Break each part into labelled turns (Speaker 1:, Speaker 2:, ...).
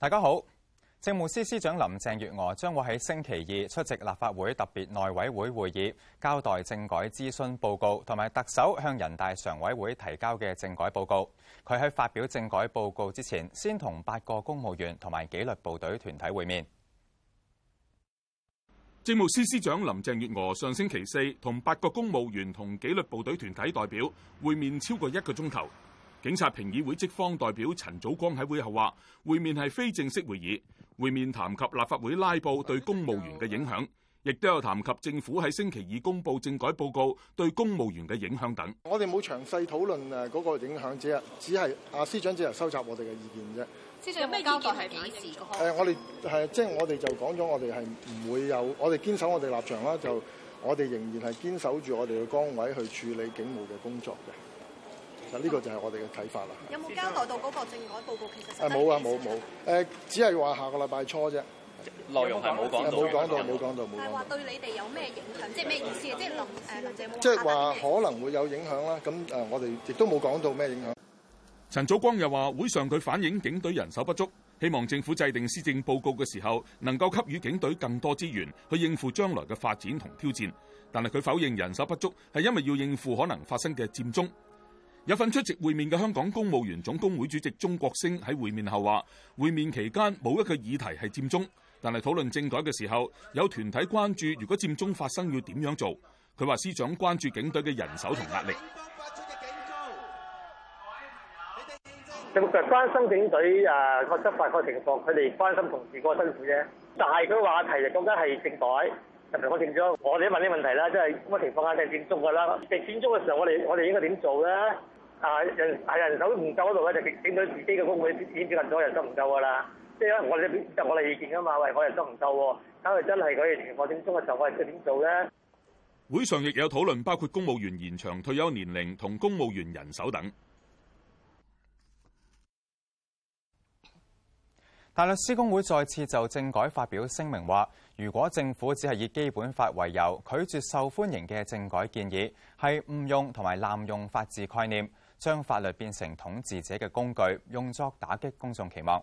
Speaker 1: 大家好，政務司司長林鄭月娥將會喺星期二出席立法會特別內委會會議，交代政改諮詢報告同埋特首向人大常委會提交嘅政改報告。佢喺發表政改報告之前，先同八個公務員同埋紀律部隊團體會面。政務司司長林鄭月娥上星期四同八個公
Speaker 2: 務員同紀律部隊團體代表會面超過一個鐘頭。警察評議會職方代表陳祖光喺會後話，會面係非正式會議，會面談及立法會拉布對公務員嘅影響，亦都有談及政府喺星期二公布政改報告對公務員嘅影響等。
Speaker 3: 我哋冇詳細討論誒嗰個影響，只係只係阿司長只係收集我哋嘅意見啫。
Speaker 4: 司長有咩交代係擺事嘅？誒、
Speaker 3: 呃，我哋係即係我哋就講咗，我哋係唔會有，我哋堅守我哋立場啦。就我哋仍然係堅守住我哋嘅崗位去處理警務嘅工作嘅。呢個就係我哋嘅睇法啦。
Speaker 5: 有
Speaker 6: 冇交代到嗰個政
Speaker 3: 改報告？其實係冇啊，冇冇誒，只係話下個禮拜初啫。內容係冇講冇講到，冇講到。係話對你哋有咩影響？
Speaker 6: 即係咩意思？即係
Speaker 3: 林即係話可能會有影響啦。咁誒，我哋亦都冇講到咩影響。陳祖
Speaker 2: 光又話：會上佢反映警隊人手不足，希望政府制定施政報告嘅時候能夠給予警隊更多資源去應付將來嘅發展同挑戰。但係佢否認人手不足係因為要應付可能發生嘅佔中。有份出席會面嘅香港公務員總工會主席鐘國星喺會面後話：，會面期間冇一個議題係佔中，但係討論政改嘅時候，有團體關注如果佔中發生要點樣做。佢話：司長關注警隊嘅人手同壓力，你的
Speaker 3: 警的警。你哋關注，仲唔關警隊啊？個執法個情況，佢哋關心同事個辛苦啫。但係佢話題就更加係政改，特別我政中。我哋問啲問題啦，即係乜情況下係佔中㗎啦？佔中嘅時候我，我哋我哋應該點做咧？啊！人係人手唔夠嗰度咧，就整到自己嘅公會顯示係所人都唔夠噶啦。即係我哋就我哋意見噶嘛，喂，我人都唔夠喎。咁真係佢哋政府中嘅時候，我哋點做咧？
Speaker 2: 會上亦有討論，包
Speaker 1: 括公務員延長退休年齡同公務員人手等。大律師公會再次就政改發表聲明話：，如果政府只係以基本法為由拒絕受歡迎嘅政改建議，係誤用同埋濫用法治概念。將法律變成統治者嘅工具，用作打擊公眾期望。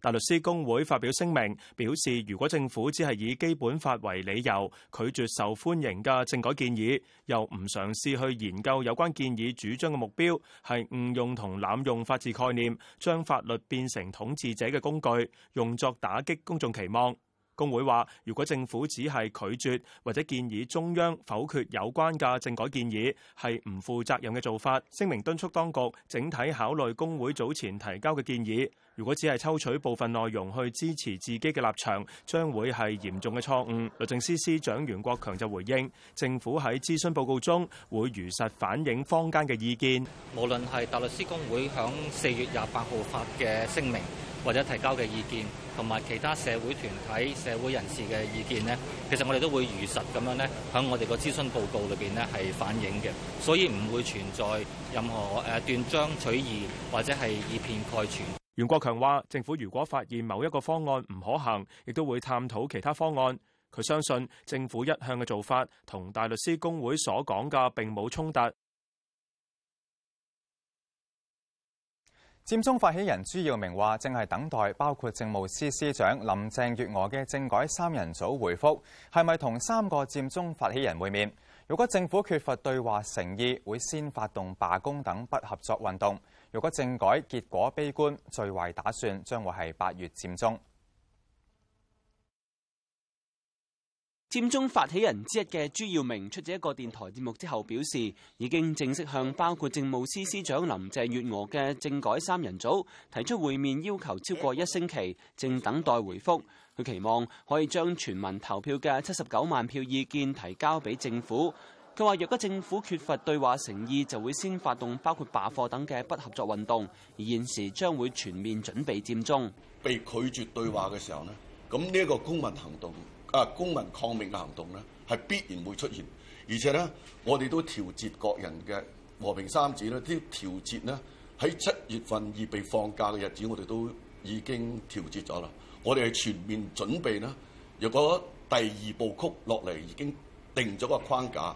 Speaker 1: 大律師公會發表聲明，表示如果政府只係以基本法為理由，拒絕受歡迎嘅政改建議，又唔嘗試去研究有關建議主張嘅目標，係誤用同濫用法治概念，將法律變成統治者嘅工具，用作打擊公眾期望。公會話：如果政府只係拒絕或者建議中央否決有關嘅政改建議，係唔負責任嘅做法。聲明敦促當局整體考慮公會早前提交嘅建議。如果只係抽取部分內容去支持自己嘅立場，將會係嚴重嘅錯誤。律政司司長袁國
Speaker 3: 強就回應，政府喺諮詢報告中會如實反映坊間嘅意見，無論係大律師公會響四月廿八號發嘅聲明，或者提交嘅意見，同埋其他社會團體、社會人士嘅意見呢，其實我哋都會如實咁樣呢，響我哋個諮詢報告裏面呢係反映嘅，所以唔會存在任何誒斷章取義或者係以偏概全。袁國強話：政府如果發
Speaker 1: 現某一個方案唔可行，亦都會探討其他方案。佢相信政府一向嘅做法同大律師公會所講嘅並冇衝突。佔中發起人朱耀明話：正係等待包括政務司司長林鄭月娥嘅政改三人組回覆，係咪同三個佔中發起人會面？如果政府缺乏對話誠意，會先發動罷工等不合作運動。如果政改結果悲觀，最壞打算將會係八月佔中。
Speaker 5: 佔中發起人之一嘅朱耀明出席一個電台節目之後表示，已經正式向包括政務司司長林鄭月娥嘅政改三人組提出會面要求，超過一星期，正等待回覆。佢期望可以將全民投票嘅七十九萬票意見提交俾政府。佢話：若果政府缺乏對話誠意，就會先發動包括罷課等嘅不合作運動。而現時將會全面準備佔中。被拒絕對話嘅時候呢，咁呢一個公民行動啊，公民抗命嘅行動呢，
Speaker 2: 係必然會出現。而且呢，我哋都調節各人嘅和平三子呢啲調節呢，喺七月份已被放假嘅日子，我哋都已經調節咗啦。我哋係全面準備啦。若果第二部曲落嚟已經定咗個框架。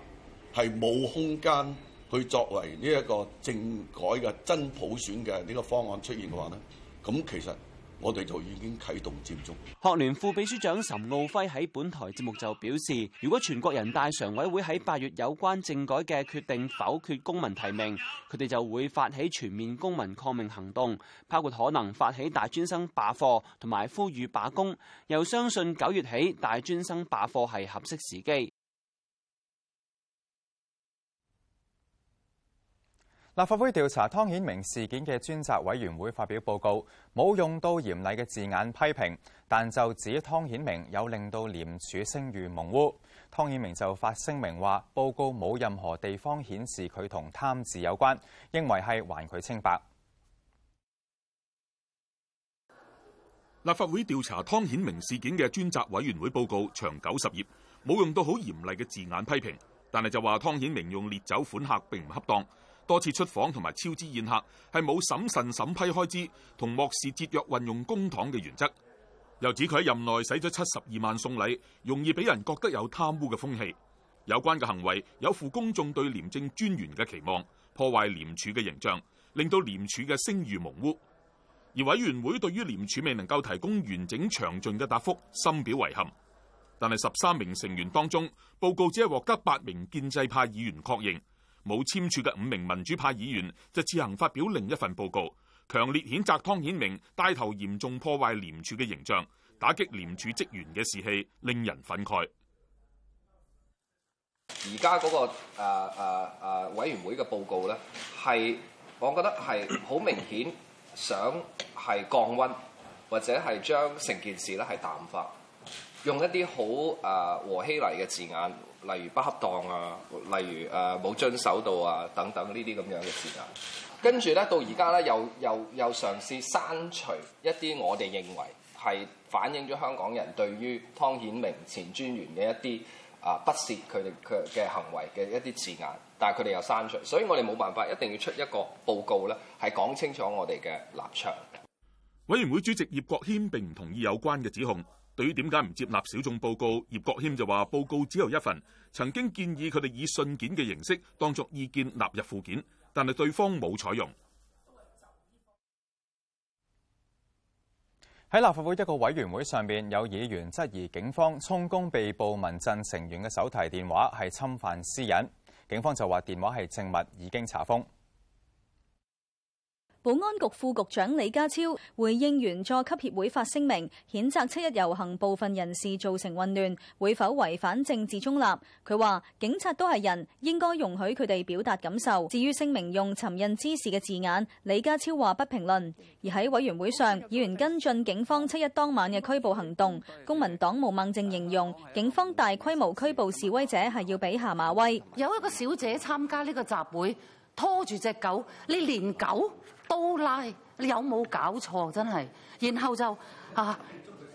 Speaker 2: 係冇空間去作為呢一個政
Speaker 5: 改嘅真普選嘅呢個方案出現嘅話呢，咁其實我哋就已經啟動佔中。學聯副秘書長岑敖暉喺本台節目就表示，如果全國人大常委會喺八月有關政改嘅決定否決公民提名，佢哋就會發起全面公民抗命行動，包括可能發起大專生罷課同埋呼籲罷工。又相信九月起大專生罷課係合適時機。立法
Speaker 1: 會調查湯顯明事件嘅專責委員會發表報告，冇用到嚴厲嘅字眼批評，但就指湯顯明有令到廉署聲譽蒙污。湯顯明就發聲明話，報告冇任何地方顯示佢同貪字有關，認為係還佢清白。
Speaker 2: 立法會調查湯顯明事件嘅專責委員會報告長九十頁，冇用到好嚴厲嘅字眼批評，但係就話湯顯明用烈酒款客並唔恰當。多次出訪同埋超支宴客，係冇審慎審批開支同漠視節約運用公帑嘅原則。又指佢喺任內使咗七十二萬送禮，容易俾人覺得有貪污嘅風氣。有關嘅行為有負公眾對廉政專員嘅期望，破壞廉署嘅形象，令到廉署嘅聲譽蒙污。而委員會對於廉署未能夠提供完整詳盡嘅答覆，深表遺憾。但係十三名成員當中，報告只係獲得八名建制派議員確認。冇簽署嘅五名民主派議員就自行發表另一份報告，強烈譴責湯顯明帶頭嚴重破壞廉署嘅形象，打擊廉署職員嘅士氣，令人憤慨、
Speaker 3: 那個。而家嗰個誒誒委員會嘅報告咧，係我覺得係好明顯想係降溫，或者係將成件事咧係淡化，用一啲好誒和稀泥嘅字眼。例如不恰當啊，例如誒冇、啊、遵守到啊等等呢啲咁樣嘅字眼，跟住咧到而家咧又又又嘗試刪除一啲我哋認為係反映咗香港人對於湯顯明前專員嘅一啲啊不屑佢哋佢嘅行為嘅一啲字眼，但係佢哋又刪除，所以我哋冇辦法一定要出一個報告咧，係講清楚我哋嘅立場。
Speaker 2: 委員會主席葉國謙並唔同意有關嘅指控。對於點解唔接納小眾報告，葉國謙就話：報告只有一份，曾經建議佢哋以信件嘅形式當作意見納入附件，但係對方
Speaker 1: 冇採用。喺立法會一個委員會上面，有議員質疑警方充公被捕民陣成員嘅手提電話係侵犯私隱，警方就話電話係證物，已經查封。
Speaker 6: 保安局副局長李家超回應員佐級協會發聲明，譴責七一遊行部分人士造成混亂，會否違反政治中立？佢話警察都係人，應該容許佢哋表達感受。至於聲明用尋釁滋事嘅字眼，李家超話不評論。而喺委員會上，議員跟進警方七一當晚嘅拘捕行動。公民黨毛孟靜形容警方大規模拘捕示
Speaker 4: 威者係要俾下馬威。有一個小姐參加呢個集會，拖住隻狗，你連狗？都拉，你有冇搞錯？真係，然後就啊，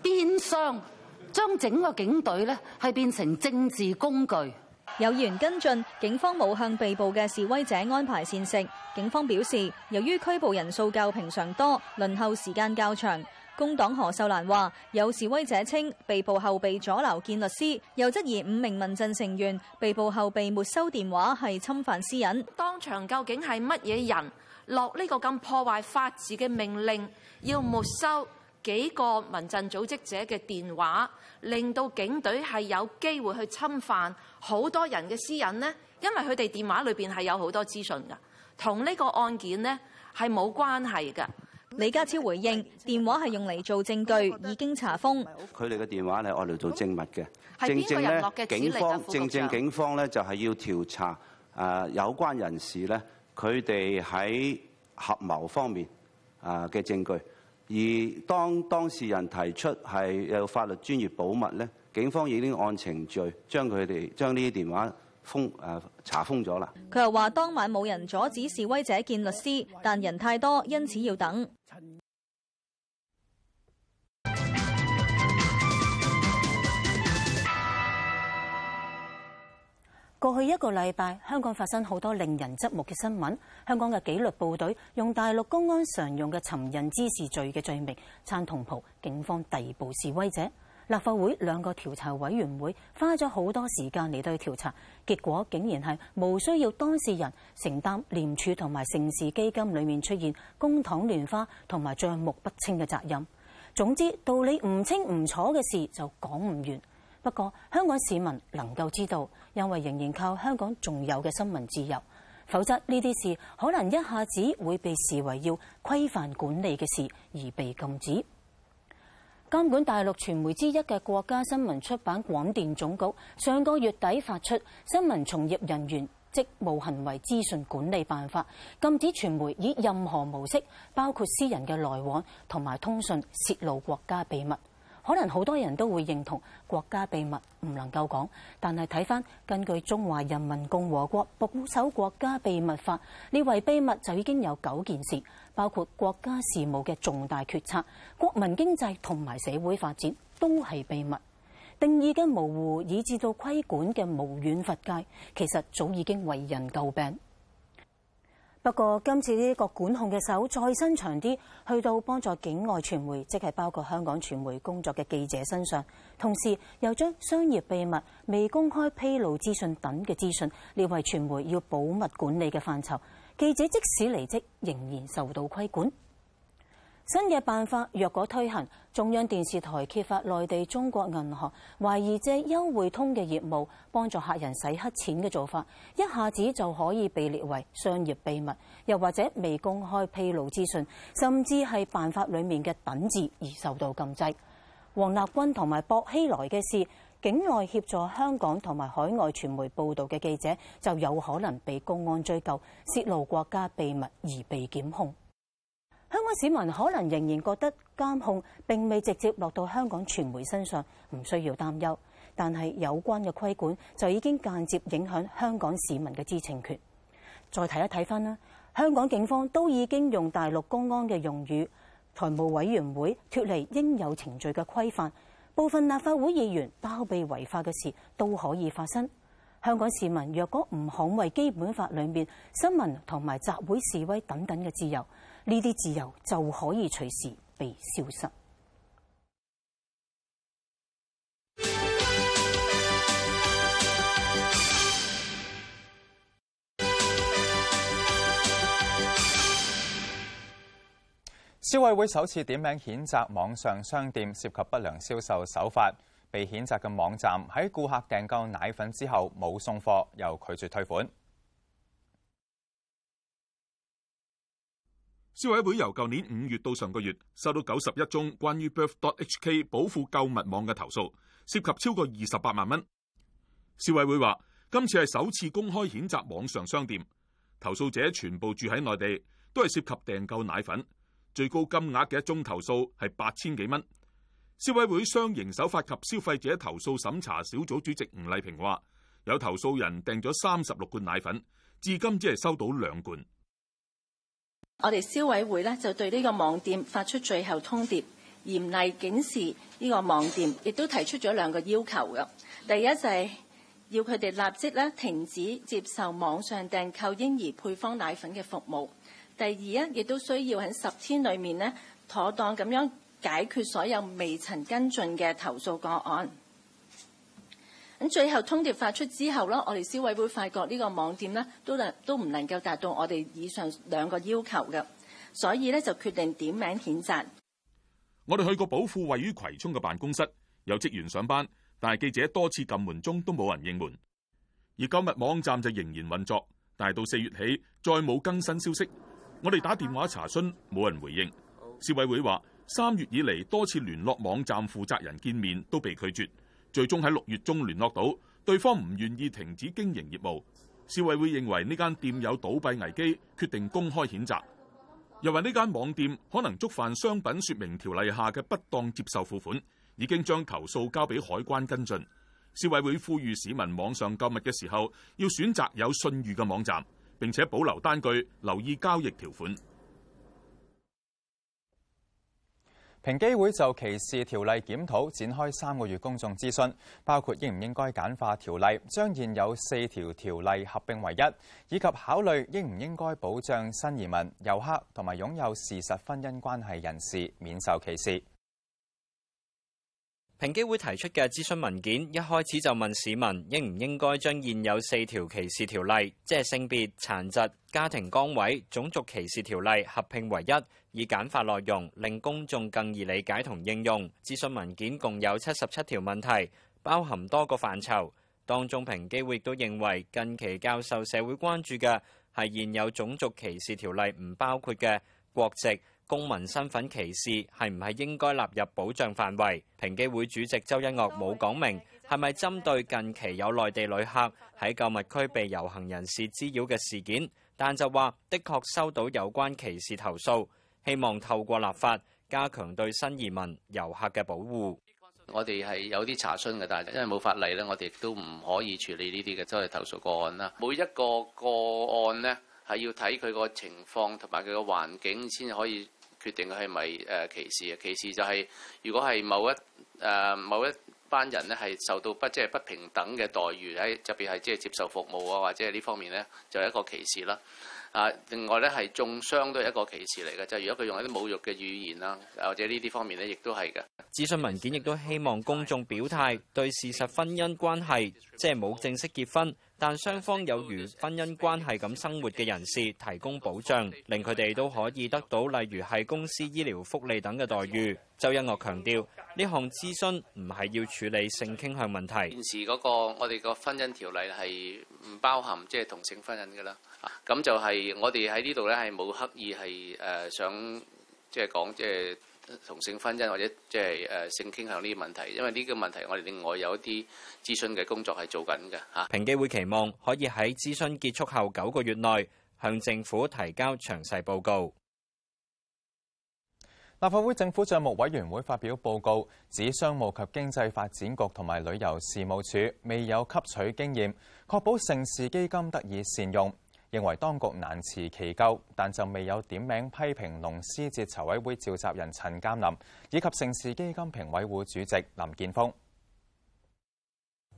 Speaker 4: 變相將整個警隊呢，係變成政治工
Speaker 6: 具。有議員跟進，警方冇向被捕嘅示威者安排膳食。警方表示，由於拘捕人數較平常多，輪候時間較長。工黨何秀蘭話：有示威者稱，被捕後被阻撓見律師，又質疑五名民陣成員被捕後被沒收電話係侵犯私隱。當場究竟係乜嘢人？
Speaker 4: 落呢個咁破壞法治嘅命令，要沒收幾個民陣組織者嘅電話，令到警隊係有機會去侵犯好多人嘅私隱呢，因為佢哋電話裏邊係有好多資訊噶，同呢個
Speaker 6: 案件呢係冇關係噶。李家超回應：電話係用嚟做證據，已經查封。
Speaker 5: 佢哋嘅電話係愛嚟做證物嘅。係邊個人落嘅？警方正正警方咧就係要調查誒有關人士咧。佢哋喺合謀方面啊嘅證據，而當當事人提出係有法律專業保密咧，警方已經按程序將佢哋將呢啲電話封啊查封咗啦。
Speaker 6: 佢又話當晚冇人阻止示威者見律師，但人太多，因此要等。
Speaker 4: 過去一個禮拜，香港發生好多令人側目嘅新聞。香港嘅紀律部隊用大陸公安常用嘅尋釁滋事罪嘅罪名，撐同袍，警方逮捕示威者。立法會兩個調查委員會花咗好多時間嚟到調查，結果竟然係無需要當事人承擔廉署同埋盛事基金裏面出現公帑亂花同埋帳目不清嘅責任。總之，道理唔清唔楚嘅事就講唔完。不過，香港市民能夠知道，因為仍然靠香港仲有嘅新聞自由。否則，呢啲事可能一下子會被視為要規範管理嘅事而被禁止。監管大陸傳媒之一嘅國家新聞出版廣電總局上個月底發出《新聞從業人員職務行為資訊管理辦法》，禁止傳媒以任何模式，包括私人嘅來往同埋通訊泄露國家秘密。可能好多人都會認同國家秘密唔能夠講，但係睇翻根據《中華人民共和國保守國家秘密法》，呢位秘密就已經有九件事，包括國家事務嘅重大決策、國民經濟同埋社會發展都係秘密。定義嘅模糊，以致到規管嘅無遠弗屆，其實早已經為人詬病。不過，今次呢個管控嘅手再伸長啲，去到幫助境外傳媒，即係包括香港傳媒工作嘅記者身上，同時又將商業秘密、未公開披露資訊等嘅資訊列為傳媒要保密管理嘅範疇，記者即使離職，仍然受到規管。新嘅辦法若果推行，中央電視台揭發內地中國銀行懷疑借優匯通嘅業務幫助客人洗黑錢嘅做法，一下子就可以被列為商業秘密，又或者未公開披露資訊，甚至係辦法裏面嘅等字而受到禁制。王立軍同埋薄熙來嘅事，境外協助香港同埋海外傳媒報導嘅記者就有可能被公安追究泄露國家秘密而被檢控。香港市民可能仍然覺得監控並未直接落到香港傳媒身上，唔需要擔憂。但係有關嘅規管就已經間接影響香港市民嘅知情權。再睇一睇返啦，香港警方都已經用大陸公安嘅用語，財務委員會脫離應有程序嘅規範，部分立法會議員包庇違法嘅事都可以發生。香港市民若果唔捍衛基本法裏面新聞同埋集會示威等等嘅自由，呢啲自由就可以隨時被消失。
Speaker 1: 消委會首次點名譴責網上商店涉及不良銷售手法，被譴責嘅網站喺顧客訂購奶粉之後冇送貨，又拒絕退款。
Speaker 2: 消委會由舊年五月到上個月，收到九十一宗關於 b e e f d o h k 保護購物網嘅投訴，涉及超過二十八萬蚊。消委會話，今次係首次公開譴責網上商店。投訴者全部住喺內地，都係涉及訂購奶粉，最高金額嘅一宗投訴係八千幾蚊。消委會商營手法及消費者投訴審查小組主席吳麗萍話，有投訴人訂咗三十六罐奶粉，至今只係收到兩罐。
Speaker 4: 我哋消委會咧就對呢個網店發出最後通牒，嚴厲警示呢個網店，亦都提出咗兩個要求嘅。第一就係要佢哋立即咧停止接受網上訂購嬰兒配方奶粉嘅服務。第二啊，亦都需要喺十天裏面咧妥當咁樣解決所有未曾跟進嘅投訴個案。咁最後通牒發出之後，我哋消委會發覺呢個網店都能都唔能夠達到我哋以上兩個要求嘅，所以就決定點名譴責。
Speaker 2: 我哋去過保富位於葵涌嘅辦公室，有職員上班，但係記者多次撳門鐘都冇人應門。而今日網站就仍然運作，但係到四月起再冇更新消息。我哋打電話查詢冇人回應。消委會話三月以嚟多次聯絡網站負責人見面都被拒絕。最終喺六月中聯絡到對方唔願意停止經營業務，消委會認為呢間店有倒閉危機，決定公開譴責。又話呢間網店可能觸犯商品說明條例下嘅不當接受付款，已經將投訴交俾海關跟進。消委會呼籲市民網上購物嘅時候要選擇有信譽嘅網站，並且保留單據，留意交易
Speaker 1: 條款。評機會就歧視條例檢討展開三個月公眾諮詢，包括應唔應該簡化條例，將現有四條條例合併為一，以及考慮應唔應該保障新移民、遊客同埋擁有事實婚姻關係人士免受歧視。
Speaker 3: 評機會提出嘅諮詢文件一開始就問市民，應唔應該將現有四條歧視條例，即係性別、殘疾、家庭崗位、種族歧視條例合併為一。以簡化內容，令公眾更易理解同應用。諮詢文件共有七十七條問題，包含多個範疇。當中，平機會亦都認為近期較受社會關注嘅係現有種族歧視條例唔包括嘅國籍公民身份歧視係唔係應該納入保障範圍。平機會主席周一岳冇講明係咪針對近期有內地旅客喺購物區被遊行人士滋擾嘅事件，但就話的確收到有關歧視投訴。希望透過立法加強對新移民遊客嘅
Speaker 5: 保護。我哋係有啲查詢嘅，但係因為冇法例咧，我哋亦都唔可以處理呢啲嘅，即係投訴個案啦。每一個個案咧，係要睇佢個情況同埋佢個環境先至可以決定佢係咪誒歧視嘅。歧視就係如果係某一誒某一班人咧，係受到不即係不平等嘅待遇，喺特別係即係接受服務啊，或者係呢方面咧，就係一個歧視啦。啊！另外咧，係中傷都係一個歧視嚟嘅，就係、是、如果佢用一啲侮辱嘅語言啦、啊，或者呢啲方面咧，亦都係嘅。
Speaker 3: 諮詢文件亦都希望公眾表態對事實婚姻關係，即係冇正式結婚但雙方有如婚姻關係咁生活嘅人士提供保障，令佢哋都可以得到，例如係公司醫療福利等嘅待遇。周一岳強調，呢項諮詢唔係要處理性傾向問題。
Speaker 5: 現時嗰、那個我哋個婚姻條例係唔包含即係、就是、同性婚姻㗎啦。咁就係我哋喺呢度呢，係冇刻意係誒想即係講即係同性婚姻或者即係誒性傾向呢啲問題，因為呢個問題我哋另外有一啲諮詢嘅工作係做緊嘅嚇。平
Speaker 3: 機會期望可以喺諮詢結束後九個月內向政府提交詳細報告。
Speaker 1: 立法會政府帳目委員會發表報告，指商務及經濟發展局同埋旅遊事務署未有吸取經驗，確保盛事基金得以善用。認為當局難辭其咎，但就未有點名批評龍獅節籌委會召集人陳鑑林以及盛事基金評委會主席林建峰。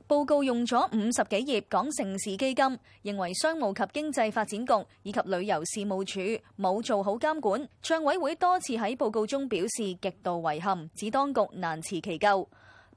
Speaker 6: 報告用咗五十幾頁講盛事基金，認為商務及經濟發展局以及旅遊事務署冇做好監管。帳委會多次喺報告中表示極度遺憾，指當局難辭其咎。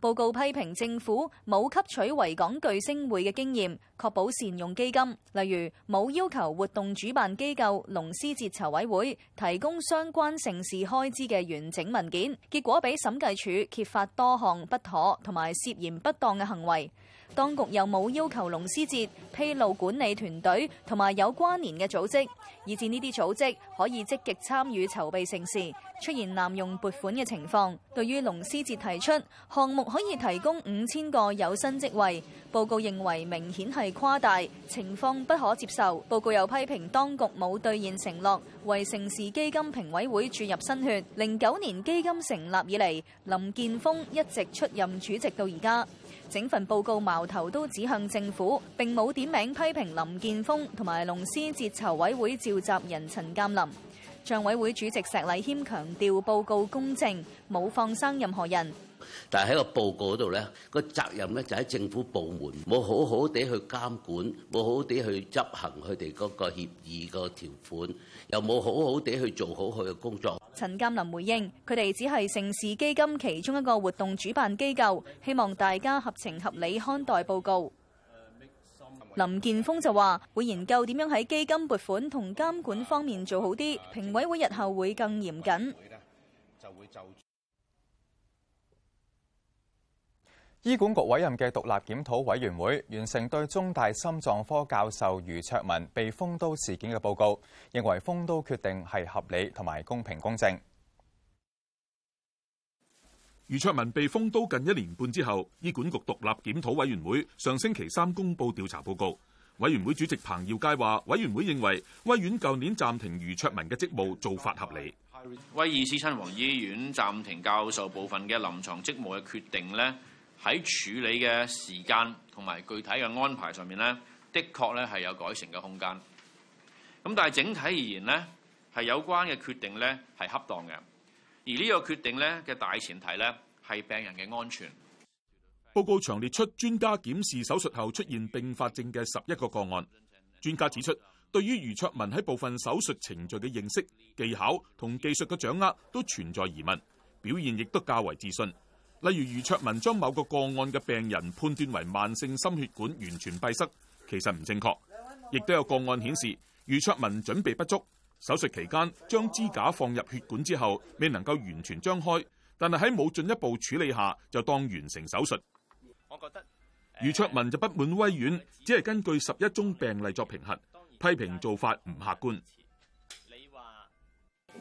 Speaker 6: 報告批評政府冇吸取維港巨星會嘅經驗，確保善用基金，例如冇要求活動主辦機構龍獅節籌委會提供相關盛事開支嘅完整文件，結果俾審計署揭發多項不妥同埋涉嫌不當嘅行為。當局又沒有冇要求龍獅節披露管理團隊同埋有關聯嘅組織，以致呢啲組織可以積極參與籌備，城市出現濫用撥款嘅情況。對於龍獅節提出項目可以提供五千個有薪職位，報告認為明顯係誇大，情況不可接受。報告又批評當局冇兌現承諾，為城市基金評委會注入新血。零九年基金成立以嚟，林建峰一直出任主席到而家。整份報告矛頭都指向政府，並冇點名批評林建峰同埋龍獅節籌委會召集人陳鑑林。帳委會主席石禮謙強調報告公正，冇放生任何人。
Speaker 5: 但係喺個報告度呢，個責任呢就喺政府部門，冇好好地去監管，冇好好地去執行佢哋嗰個協議個條款，又冇好好地去做好佢嘅工作。
Speaker 6: 陳鑑林回應：佢哋只係盛事基金其中一個活動主辦機構，希望大家合情合理看待報告。林健鋒就話：會研究點樣喺基金撥款同監管方面做好啲，評委會日後會更嚴謹。
Speaker 1: 醫管局委任嘅獨立檢討委員會完成對中大心臟科教授余卓文被封刀事件嘅報告，認為封刀決定係合理同埋公平公正。余
Speaker 2: 卓文被封刀近一年半之後，醫管局獨立檢討委員會上星期三公佈調查報告。委員會主席彭耀佳話，委員會認為威院舊年暫停余卓文嘅職務做法合理。
Speaker 3: 威爾斯親王醫院暫停教授部分嘅臨床職務嘅決定呢。喺處理嘅時間同埋具體嘅安排上面呢，的確咧，係有改進嘅空間。咁但係整體而言呢，係有關嘅決定呢，係恰當嘅。而呢個決定呢，嘅大前提呢係病人嘅安全。
Speaker 2: 報告詳列出專家檢視手術後出現併發症嘅十一個個案。專家指出，對於余卓文喺部分手術程序嘅認識、技巧同技術嘅掌握都存在疑問，表現亦都較為自信。例如余卓文將某個個案嘅病人判斷為慢性心血管完全閉塞，其實唔正確。亦都有個案顯示余卓文準備不足，手術期間將支架放入血管之後，未能夠完全張開，但係喺冇進一步處理下就當完成手術。
Speaker 4: 我覺得
Speaker 2: 余卓文就不滿威院，只係根據十一宗病例作評核，批評做法唔客觀。
Speaker 3: 你話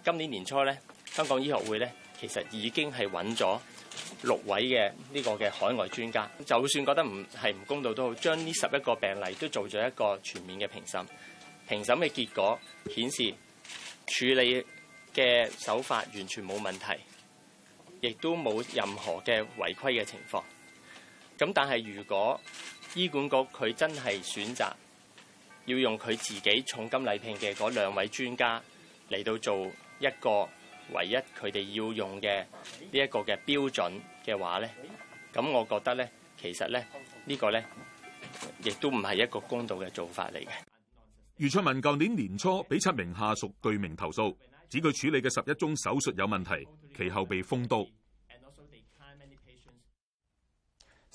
Speaker 3: 今年年初呢，香港醫學會呢，其實已經係揾咗。六位嘅呢個嘅海外專家，就算覺得唔係唔公道都好，將呢十一個病例都做咗一個全面嘅評審。評審嘅結果顯示，處理嘅手法完全冇問題，亦都冇任何嘅違規嘅情況。咁但係如果醫管局佢真係選擇要用佢自己重金禮聘嘅嗰兩位專家嚟到做一個。唯一佢哋要用嘅呢一個嘅標準嘅話咧，咁我覺得咧，其實咧呢個咧，亦都唔係一個公道嘅做法嚟嘅。
Speaker 2: 余卓文舊年年初俾七名下屬具名投
Speaker 1: 訴，指佢處理嘅十一宗手術有問題，其後被封刀。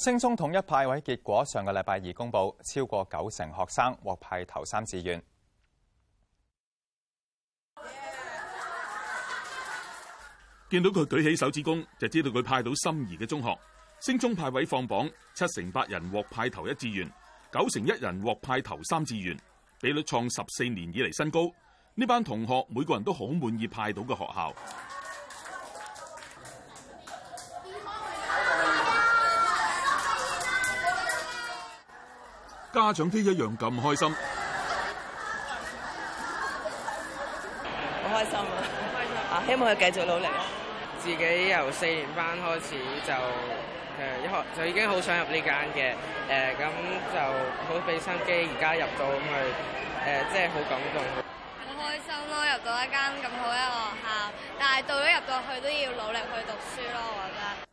Speaker 1: 升中統一派位結果上個禮拜二公布，超過九成學生獲派頭三志願。見到佢舉起手指公，就知道佢派到
Speaker 2: 心儀嘅中學。升中派位放榜，七成八人獲派頭一志願，九成一人獲派頭三志願，比率創十四年以嚟新高。呢班同學每個人都好滿意派到嘅學校，哎哎哎、家長都一樣咁開心，
Speaker 3: 好開心啊！啊，希望佢繼續努力。自己由四年班開始就一學就已經好想入呢間嘅，誒咁就好畀心機。而家入到咪即係好感動，好
Speaker 6: 開心咯！入到一間咁好嘅學校，但係到咗入到去都要努力去讀書咯，我覺
Speaker 2: 得。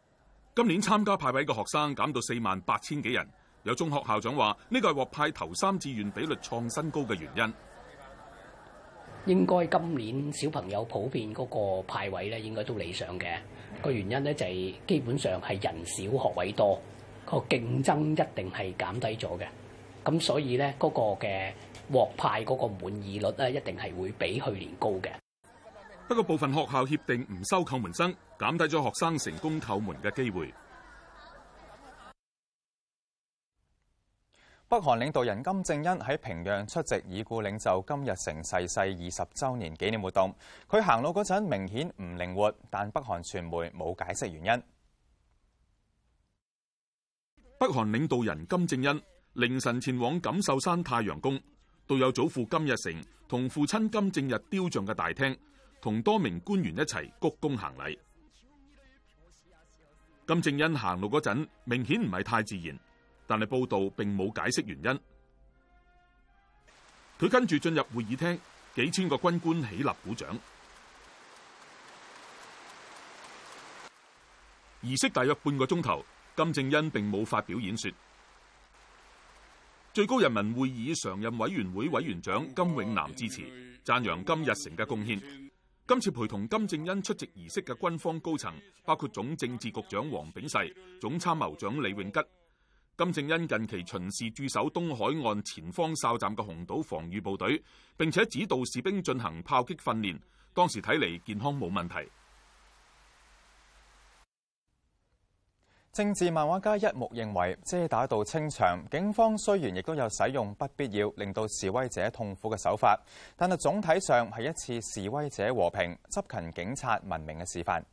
Speaker 2: 今年參加派位嘅學生減到四萬八千幾人，有中學校長話，呢個係獲派頭三志願比率創新高嘅原因。
Speaker 5: 應該今年小朋友普遍嗰個派位咧，應該都理想嘅。個原因咧就係基本上係人少學位多，個競爭一定係減低咗嘅。咁所以咧嗰個嘅獲派嗰個滿意率咧，一定係會比去年高嘅。
Speaker 2: 不過部分學校協定唔收叩門生，減低咗學生成功叩門嘅
Speaker 1: 機會。北韓領導人金正恩喺平壤出席已故領袖金日成逝世二十周年紀念活動。佢行路嗰陣明顯唔靈活，但北韓傳媒冇解釋原因。北韓領導人金正恩凌晨前往
Speaker 2: 錦繡山太陽宮，到有祖父金日成同父親金正日雕像嘅大廳，同多名官員一齊鞠躬行禮。金正恩行路嗰陣明顯唔係太自然。但係報道並冇解釋原因。佢跟住進入會議廳，幾千個軍官起立鼓掌。儀式大約半個鐘頭，金正恩並冇發表演說。最高人民會議常任委員會委員長金永南致辭，讚揚金日成嘅貢獻。今次陪同金正恩出席儀式嘅軍方高層包括總政治局長黃炳世、總參謀長李永吉。金正恩近期巡視駐守東海岸前方哨站嘅紅島防禦部隊，並且指導士兵進行炮擊訓練。當時睇嚟健康冇問題。
Speaker 1: 政治漫畫家一目認為，遮打道清場，警方雖然亦都有使用不必要令到示威者痛苦嘅手法，但係總體上係一次示威者和平執勤警察文明嘅示範。